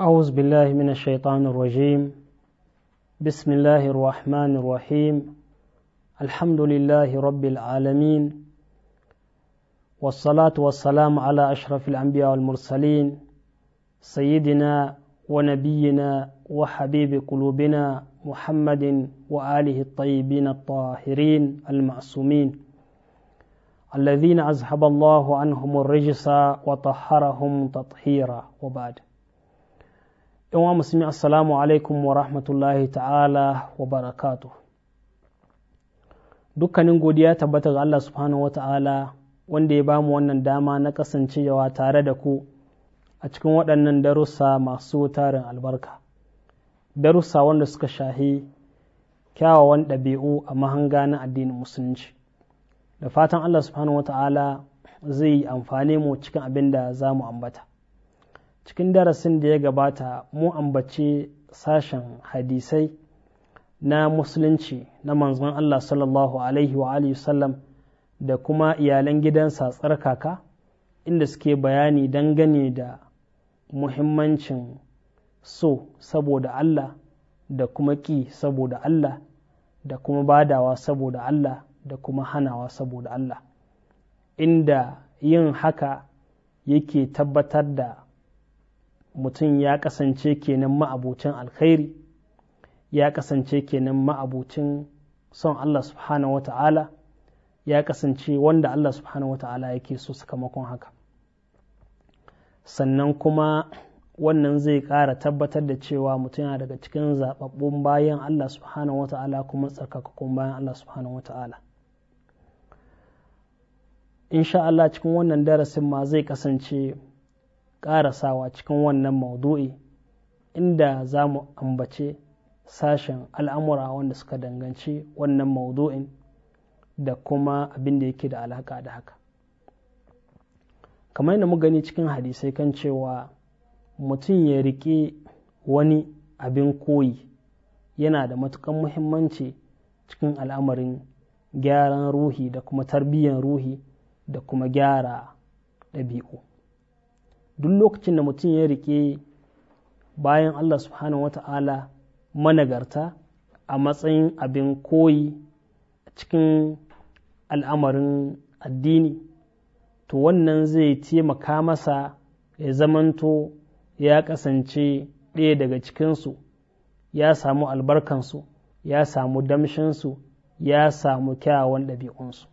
أعوذ بالله من الشيطان الرجيم بسم الله الرحمن الرحيم الحمد لله رب العالمين والصلاة والسلام على أشرف الأنبياء والمرسلين سيدنا ونبينا وحبيب قلوبنا محمد وآله الطيبين الطاهرين المعصومين الذين أذهب الله عنهم الرجس وطهرهم تطهيرا وبعد yan wa musulmi assalamu alaikum wa rahmatullahi ta'ala wa barakatu dukkanin godiya tabbata ga Allah subhanahu wa ta'ala wanda ya bamu wannan dama na kasancewa tare da ku a cikin waɗannan darussa masu tarin albarka darussa wanda suka shahi kyawawan ɗabi'u a mahanga na addinin musulunci da fatan Allah subhanahu wa ta'ala zai amfane mu cikin abin da za mu ambata cikin darasin da ya gabata mu ambace sashen hadisai na musulunci na manzon Allah sallallahu alaihi wa alihi sallam da kuma iyalan gidansa tsarkaka inda suke bayani dangane da muhimmancin so saboda Allah da kuma ƙi saboda Allah da kuma badawa saboda Allah da kuma hanawa saboda Allah inda yin haka yake tabbatar da mutum ya kasance kenan ma'abucin alkhairi ya kasance kenan ma'abucin son Allah subhanahu wata'ala ya kasance wanda Allah subhanahu wata'ala yake so sakamakon haka sannan kuma wannan zai ƙara tabbatar da cewa mutum yana daga cikin zaɓaɓɓun bayan Allah subhanahu wata'ala kuma tsarkakakkun bayan Allah subhanahu wata'ala insha Allah cikin wannan darasin ma zai kasance ƙarasawa cikin wannan maudu'i inda za mu ambace sashen al'amura wanda suka danganci wannan maudu'in da kuma abin da yake da alaƙa da haka kamar yadda mu gani cikin hadisai kan cewa mutum ya riƙe wani abin koyi yana da matukan muhimmanci cikin al'amarin gyaran ruhi da kuma tarbiyyar ruhi da kuma gyara ɗabi'u duk lokacin da mutum ya riƙe bayan Allah subhanahu wata'ala managarta a matsayin abin koyi cikin al'amarin addini to wannan zai taimaka masa ya zamanto ya kasance ɗaya daga cikinsu ya samu albarkansu ya samu damshinsu ya samu kyawawan ɗabi'unsu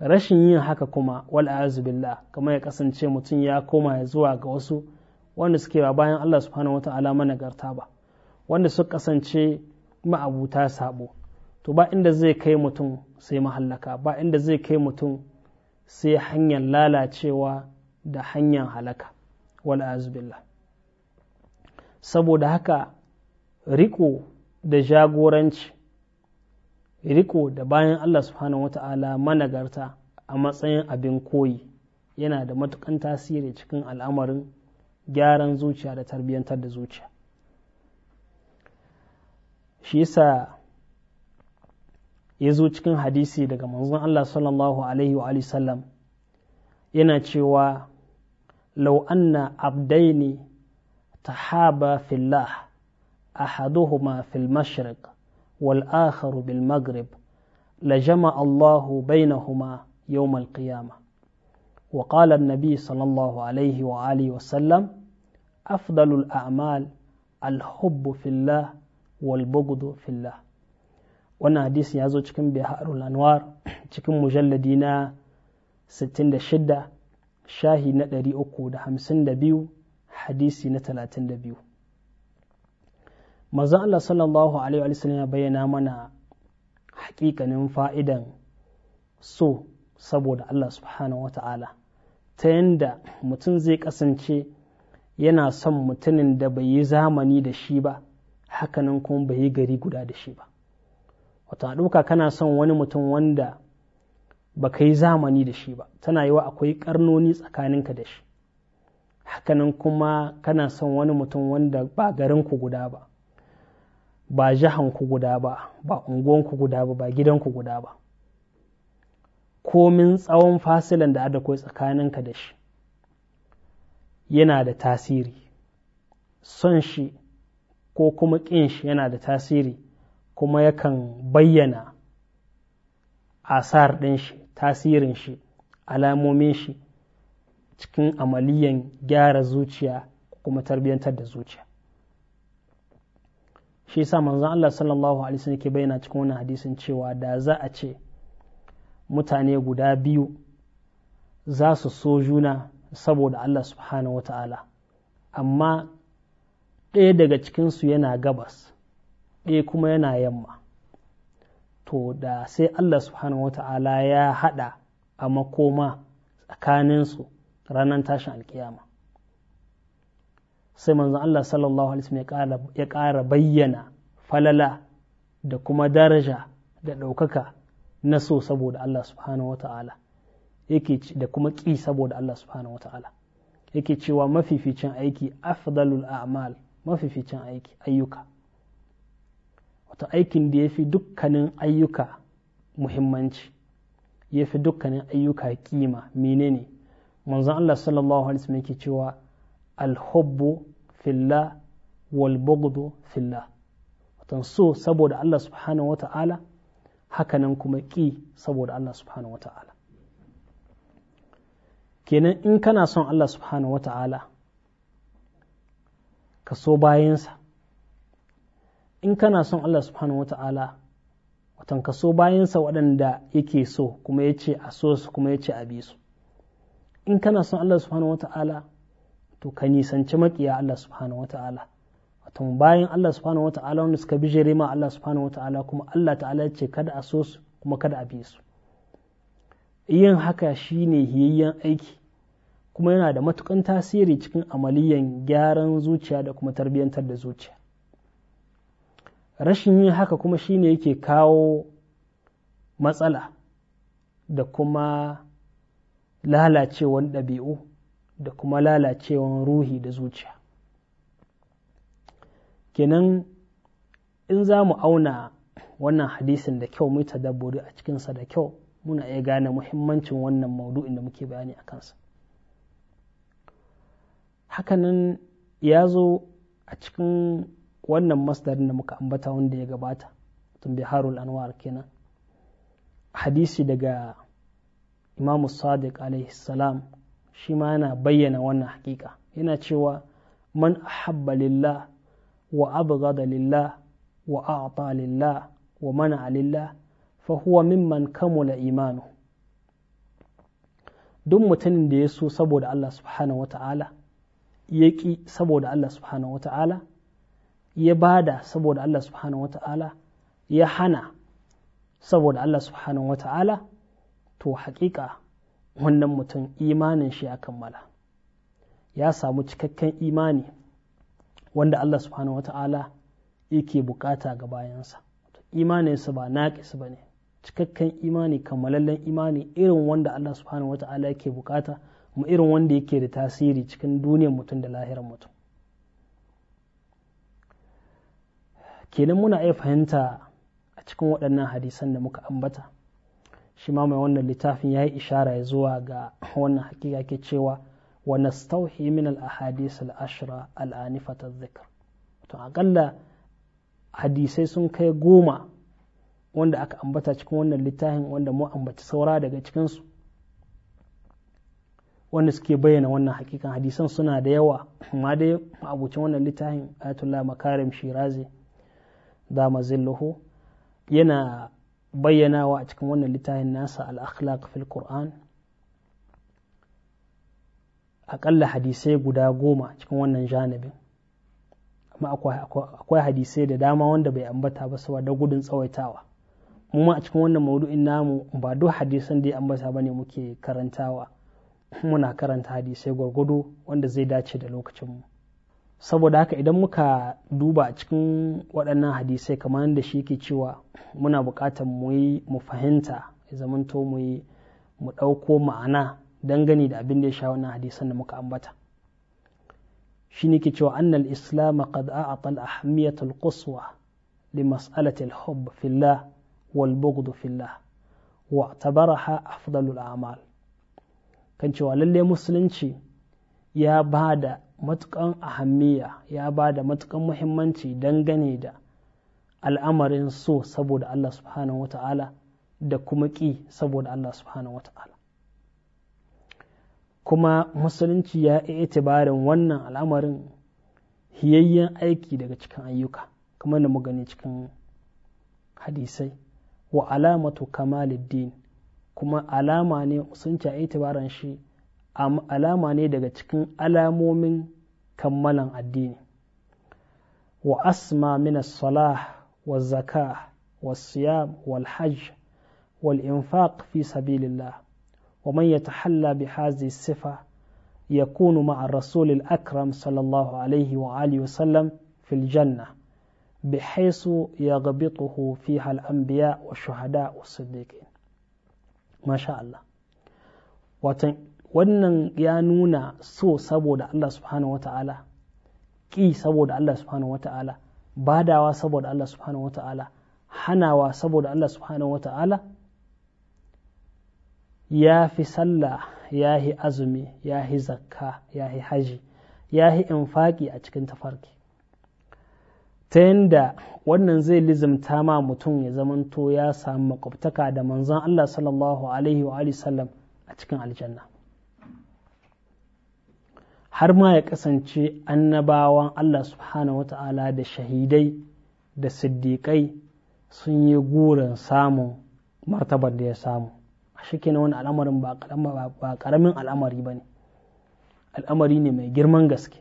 rashin yin haka kuma wal'azu billah kamar ya kasance mutum ya koma ya zuwa ga wasu wanda suke ba bayan Allah subhanahu wa ta'ala garta ba wanda su kasance ma'abuta sabo to ba inda zai kai mutum sai mahallaka ba inda zai kai mutum sai hanyar lalacewa da hanyar halaka wal'azu billah saboda haka riko da jagoranci riko da bayan Allah subhanahu ta'ala managarta a matsayin abin koyi yana da matukan tasiri cikin al'amarin gyaran zuciya da tarbiyyantar da zuciya shi yasa ya zo cikin hadisi daga manzon Allah sallallahu alaihi wa sallam yana cewa law anna abdaini tahaba fillah ahaduhuma fil mashriq والآخر بالمغرب لجمع الله بينهما يوم القيامة وقال النبي صلى الله عليه وآله وسلم أفضل الأعمال الحب في الله والبغض في الله وانا حديث يازو تكن بحر الأنوار تكن مجلدين ستين شدة شاهي نتري أكو دا حمسين بيو حديثي نتلاتين دا بيو Maza Allah sallallahu alaihi wa ya bayyana mana hakikanin fa'idan so saboda Allah subhanahu wa ta'ala ta yanda mutum zai kasance yana son mutumin da bai yi zamani da shi ba hakanan kuma bai yi gari guda da shi ba wata ɗauka kana son wani mutum wanda ba ka yi zamani da shi ba tana yiwa akwai ƙarnoni tsakaninka da shi hakanan kuma kana son wani mutum wanda ba garinku guda ba ba ku guda ba ba unguwanku guda ba ba gidanku guda ba komin tsawon fasilan da ada tsakaninka da shi yana da tasiri son shi ko kuma ƙin shi yana da tasiri kuma yakan bayyana asar ɗin shi tasirin shi alamomin shi cikin amaliyan gyara zuciya kuma tarbiyyantar da zuciya shi yasa manzon Allah sallallahu alaihi wasallam ke bayyana cikin wannan hadisin cewa da za a ce mutane guda biyu za su so juna saboda Allah subhanahu wata'ala amma ɗaya daga cikinsu yana gabas ɗaya kuma yana yamma to da sai Allah subhanahu wata'ala ya haɗa a makoma tsakaninsu ranar tashin alkiyama sai manzon Allah sallallahu alaihi wasallam ya ƙara bayyana falala da kuma daraja da ɗaukaka na so saboda Allah subhanahu wata'ala yake da kuma ƙi saboda Allah subhanahu wata'ala yake cewa mafificin aiki afdalul a'mal mafificin aiki ayyuka wato aikin da ya fi dukkanin ayyuka muhimmanci ya fi dukkanin ayyuka kima menene manzon Allah sallallahu alaihi wasallam yake cewa al-hubbu fillah wal bughdu fillah watan so saboda Allah subhanahu wata'ala hakanan kuma ƙi saboda Allah subhanahu ta'ala. kenan in kana son Allah subhanahu wata'ala ka so bayansa in kana son Allah subhanahu wata'ala watan ka so bayansa waɗanda yake so kuma ya ce a so su kuma ya ce a bi su in kana son Allah subhanahu ta'ala. to ka nisanci makiya Allah subhanahu wata'ala wato bayan Allah subhanahu wata'ala wanda suka jere ma Allah subhanahu wata'ala kuma Allah ta'ala ya ce kada a so su kuma kada a bi su yin haka shi ne hiyayyen aiki kuma yana da matukan tasiri cikin amaliyan gyaran zuciya da kuma tarbiyyantar da zuciya rashin yin haka kuma shine yake kawo matsala da kuma lalacewar ɗabi'u da kuma lalacewan ruhi da zuciya kenan in za mu auna wannan hadisin da kyau mu tadabburi a cikinsa da kyau muna iya gane muhimmancin wannan maudu'in da muke bayani a kansa hakanan ya zo a cikin wannan masdarin da muka ambata wanda ya gabata harul anwar kenan hadisi daga imamu sadiq alaihi salam shi ma yana bayyana wannan hakika yana cewa man ahabba lillah wa abghada lillah wa a'ta lillah wa mana lillah fa huwa mimman kamula imanu duk mutumin da ya so saboda Allah subhanahu wata'ala ya ƙi saboda Allah subhanahu wata'ala ya bada saboda Allah subhanahu wata'ala ya hana saboda Allah subhanahu wata'ala to haƙiƙa wannan mutum imanin shi ya kammala ya samu cikakken imani wanda Allah subhanahu wa ta'ala yake bukata ga bayansa imaninsa ba naƙis ba ne cikakken imani kammalallen imani irin wanda Allah subhanahu wa ta'ala yake bukata mu irin wanda yake da tasiri cikin duniyar mutum da lahirar mutum kenan muna iya fahimta a cikin waɗannan hadisan da muka ambata shi ma mai wannan littafin ya yi ishara ya zuwa ga wannan hakika ke cewa wa stauhi min al ahadith al ashra al anifat al to akalla hadisai sun kai goma wanda aka ambata cikin wannan littafin wanda mu ambaci saura daga cikinsu. su wanda suke bayyana wannan hakikan hadisan suna da yawa amma dai abucin wannan littafin ayatullah makarim shirazi da mazilluhu yana bayyanawa a cikin wannan littafin nasa al-akhlaq fil qur'an aƙalla hadisai guda goma cikin wannan janibin amma akwai hadisai da dama wanda bai ambata ba saboda gudun tsawaitawa mu ma a cikin wannan maudu'in namu ba duk hadisan da ya ambata ba bane muke karantawa muna karanta hadisai gwargwado wanda zai dace da lokacinmu saboda haka idan muka duba cikin waɗannan hadisai kamar da shi ke cewa muna buƙatar mu yi mu fahimta ya zamanto mu yi mu ɗauko ma'ana dangane da abin da ya sha wannan hadisan da muka ambata shi ne ke cewa annal islam qad a'ata al-ahamiyat al-quswa li mas'alati al-hubb fillah wal bughd fillah wa tabaraha afdalul a'mal kan cewa lallai musulunci ya ba da matukan ahammiya ya ba da matukan muhimmanci dangane da al'amarin so saboda Allah subhanahu wata'ala da kuma ƙi saboda Allah subhanahu wata'ala kuma musulunci ya itibarin wannan al'amarin hiyayyen aiki daga cikin ayyuka kuma da mu gani cikin hadisai wa alamatu kamalid kuma alama ne sun ci itibaran shi alama ne daga cikin alamomin kammalan addini wa asma minas salah wa zaka wa siyam wal hajj wal infaq fi sabilillah wa man yatahalla bi hadhihi sifa yakunu ma'a rasul al akram sallallahu alayhi wa alihi wa sallam fil janna بحيث يغبطه فيها الأنبياء والشهداء والصديقين ما شاء الله watan wannan ya nuna so saboda Allah subhanahu wata'ala ƙi saboda Allah subhanahu wata'ala badawa saboda Allah subhanahu wata'ala hanawa saboda Allah subhanahu wata'ala ya fi sallah ya yi azumi ya yi zakka ya yi haji ya yi infaƙi a cikin tafarki ta yadda wannan zai lizimta ma mutum ya zamanto ya samu makwabtaka da manzon Allah sallallahu alaihi wa sallam a cikin aljanna har ma ya kasance annabawan Allah subhanahu ta'ala da shahidai da siddiƙai sun yi gurin samun martabar da ya samu a shi wani al'amarin ba ƙaramin al'amari ba ne al'amari ne mai girman gaske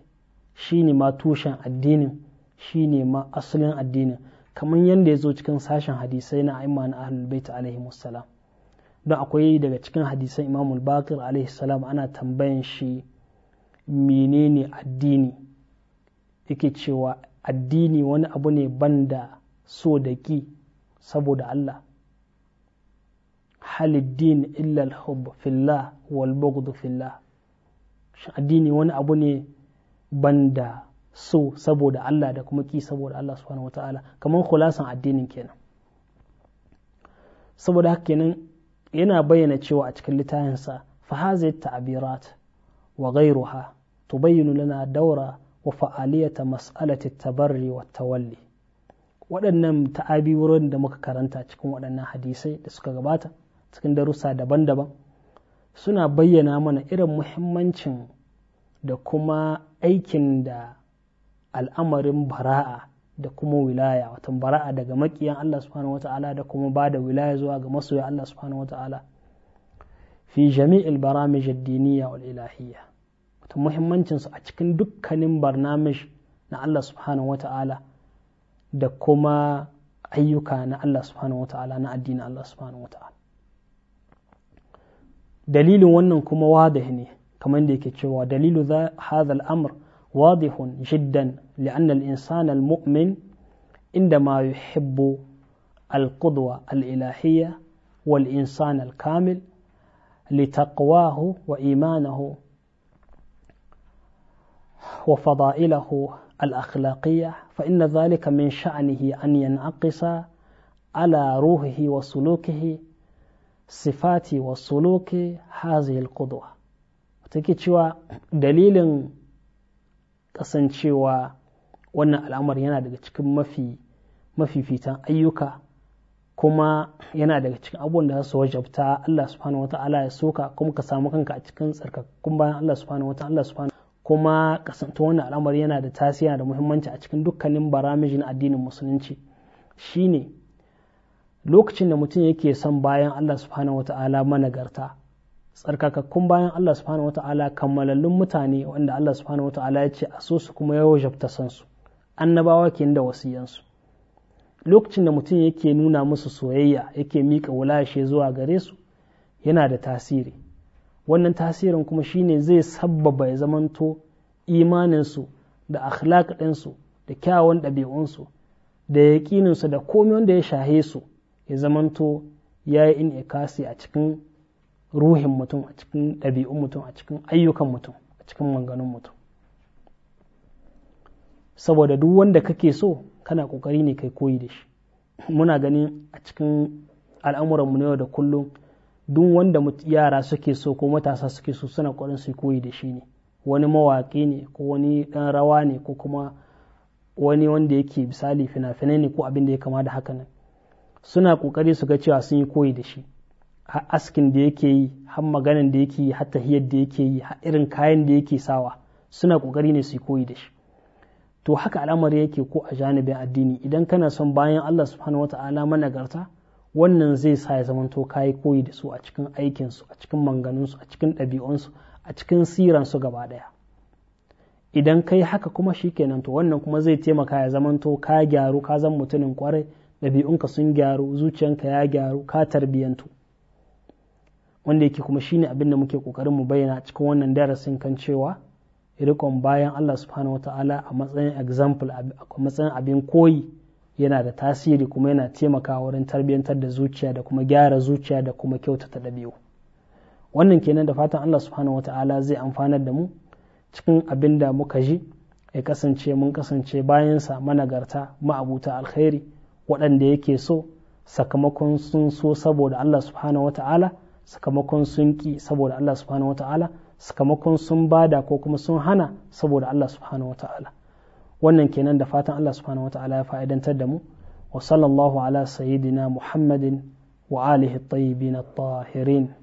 shi ne ma tushen addinin shi ne ma asalin addinin kamar yadda ya zo cikin sashen hadisai na aima na ahlul bait alaihi musallam don akwai daga cikin hadisan imamul bakir alaihi salam ana tambayan shi menene addini yake cewa addini wani abu ne banda so da ki saboda Allah haliddin illal hub fillah wal bughd fillah shi addini wani abu ne banda so saboda Allah da kuma ki saboda Allah subhanahu wataala kamar khulasan addinin kenan saboda haka kenan yana bayyana cewa a cikin littafinsa fa hazai ta'abirat wa ghayruha tubayyinu lana daura wa fa'aliyata mas'alati tabarri wa tawalli waɗannan ta'abi da muka karanta cikin waɗannan hadisai da suka gabata cikin darussa daban-daban suna bayyana mana irin muhimmancin da kuma aikin da al'amarin bara'a da kuma wilaya watan bara'a daga maƙiyan Allah subhanahu da kuma ba da wilaya zuwa ga masoya Allah subhanahu fi jami'il baramij ad-diniyya wal ilahiyya ta su a cikin dukkanin barnamish na Allah subhanahu wata'ala da kuma ayyuka na Allah subhanahu wata'ala na addinin Allah subhanahu wata'ala dalilin wannan kuma wadahi ne kamar da yake cewa dalilu za hadha al-amr wadihun jiddan li'anna al-insana al-mu'min inda ma yuhibbu al-qudwa al-ilahiyya wal-insana al-kamil لتقواه وإيمانه وفضائله الأخلاقية فإن ذلك من شأنه أن ينعكس على روحه وسلوكه صفات وسلوك هذه القدوة take cewa dalilin kasancewa wannan alamar yana daga cikin mafi mafifitan ayyuka kuma yana daga cikin abubuwan da su wajabta Allah subhanahu wata'ala ya soka kuma ka samu kanka a cikin tsarkakun bayan Allah subhanahu wata'ala Allah subhanahu kuma kasanta wannan al'amari yana da tasiri da muhimmanci a cikin dukkanin baramijin addinin musulunci shine lokacin da mutum yake son bayan Allah subhanahu wata'ala managarta tsarkakakkun bayan Allah subhanahu wata'ala kammalallun mutane wanda Allah subhanahu wata'ala ya ce a so su kuma yawo jabta san su annabawa ke da wasiyansu lokacin da mutum yake nuna musu soyayya yake miƙa wulashe zuwa gare su yana da tasiri wannan tasirin kuma shine zai sabbaba ya zamanto imaninsu da akhlaq ɗinsu da kyawun ɗabi'unsu da yaƙininsu da komai wanda ya shahe su ya zamanto ya yi in a cikin ruhin mutum a cikin ɗabi'un mutum a cikin ayyukan mutum a cikin manganun mutum saboda duk wanda kake so kana ƙoƙari ne kai koyi da shi muna ganin a cikin al'amuranmu na yau da kullum duk wanda yara suke so ko matasa suke so suna ƙwarin su koyi da shi ne wani mawaƙi ne ko wani ɗan rawa ne ko kuma wani wanda yake misali fina-finai ne ko abin da ya kama da haka nan suna ƙoƙari su ga cewa sun yi koyi da shi har askin da yake yi har maganan da yake yi har tahiyar da yake yi har irin kayan da yake sawa suna ƙoƙari ne su yi koyi da shi to haka al'amari yake ko a janibin addini idan kana son bayan Allah subhanahu wata'ala managarta wannan zai sa ya zamanto kayi koyi da su a cikin aikinsu a cikin manganunsu a cikin ɗabi'unsu a cikin siransu gaba ɗaya idan kai haka kuma shikenan to wannan kuma zai taimaka ya zamanto ka gyaru ka zan mutumin kwarai ɗabi'unka sun gyaru zuciyanka ya gyaru ka tarbiyantu wanda yake kuma shine abin da muke kokarin mu bayyana cikin wannan darasin kan cewa rikon bayan Allah subhanahu ta'ala a matsayin example a matsayin abin koyi yana da tasiri kuma yana taimakawa wurin tarbiyyantar da zuciya da kuma gyara zuciya da kuma kyautata ɗabi'u wannan kenan da fatan Allah subhanahu wata'ala zai amfanar da mu cikin abin da muka ji ya kasance mun kasance bayansa managarta ma'abuta alkhairi waɗanda yake so sakamakon sun so saboda Allah subhanahu wata'ala sakamakon sun ki saboda Allah subhanahu wata'ala sakamakon sun bada ko kuma sun hana saboda Allah subhanahu wata'ala wannan kenan da fatan Allah subhanahu wata'ala ya fa'idantar da mu wa sallallahu ala sayyidina muhammadin wa alihi at-tayyibin at-tahirin